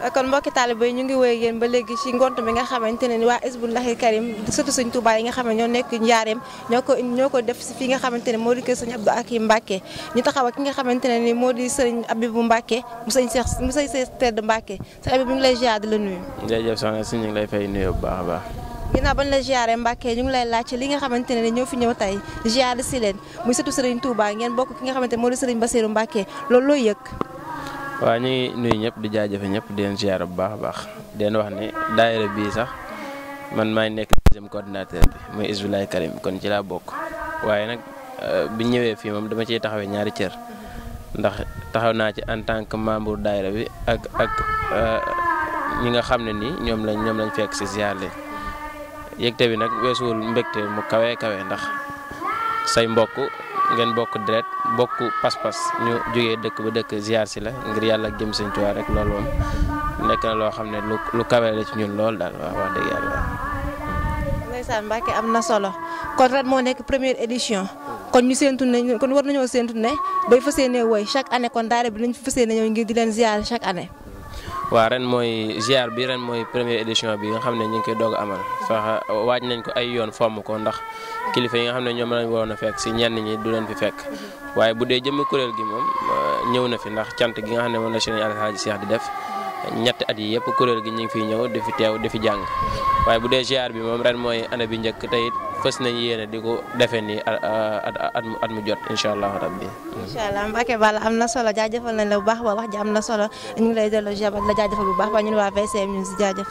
Euh, kon mbokki taaliba yi ñu ngi wéy yéen ba léegi ci ngont bi nga xamante ne ni waa Hizboullahi Karim ñoo nekk njaareem ñoo ko ko def ci nga xamante ne moo di kër sëñ Abdou Akim Mbacke ñu taxaw ki nga xamante ne ni moo di sëñ Abibou Mbacke mu sëñ Seex mu sëñ Seex Tedd Mbacke sëñ Abibou mu ngi lay ziar di la nuyu jërëjëf soxna si ñu ngi lay fay nuyu bu baax a baax ginnaaw bañ la ziaree Mbacke ñu ngi lay laaj li nga xamante ne ni ñoo fi ñëw tey ziar si leen muy surtout sëriñ Touba ngeen bokk ki nga xamante ne moo di sëriñ Bassirou Mbacke loolu looy yëg waaw ñu ngi nuyu ñëpp di jaajëfe ñëpp di leen ziar bu baax a baax den wax ne daayira bii sax man maa ngi nekk deuxième coordinateur bi muy Isbilaay Karim kon ci laa bokk waaye nag euh, bi ñëwee fii moom dama ciy taxawee ñaari cër ndax taxaw naa ci en tant que membre daayira bi ak ak euh, ñi nga xam ne nii ñoom lañ ñoom lañ fekk si ziar leen yëgte bi nag weesuwul mbégte mu kawee kawee ndax say mbokk ngeen bokk deret bokk pas-pas ñu jógee dëkk ba dëkk ziar si la ngir yàlla ak jëm Sëñ Tuubaa rek loolu moom nekk loo xam ne lu lu kawe la ci ñun lool daal waaw wax dëgg yàlla waaw. ndeysaan am na solo kon ren moo nekk première édition. kon ñu séntu nañu kon war nañoo séntu ne bay fas yéenee woy chaque année kon daara bi nañ fas yéenee ñëw ngir di leen ziar chaque année. waaw ren mooy ziar bi ren mooy première édition bi nga xam ne ñu ngi koy doog a amal sax waaj nañ ko ay yoon fomm ko ndax kilifa yi nga xam ne ñoom lañ woon a fekk si ñenn ñi du leen fi fekk waaye bu dee jëmmi kuréel gi moom ñëw na fi ndax cant gi nga xam ne moom la Serigne Alhaji seex di def ñett at yi yépp ya, kuréel gi ñu ngi fiy ñëw di fi teew di fi jàng waaye bu dee GR bi moom ren mooy ana bi njëkk te it fës nañ yéene di ko defee nii at at at mu jot incha allah rabbi. incha allah mbake bala am na solo jaajëfal nañ la bu baax ba wax ji am solo ñu lay delloo jabat la jaajëfal bu baax ba ñun waa VCM ñu si jaajëf.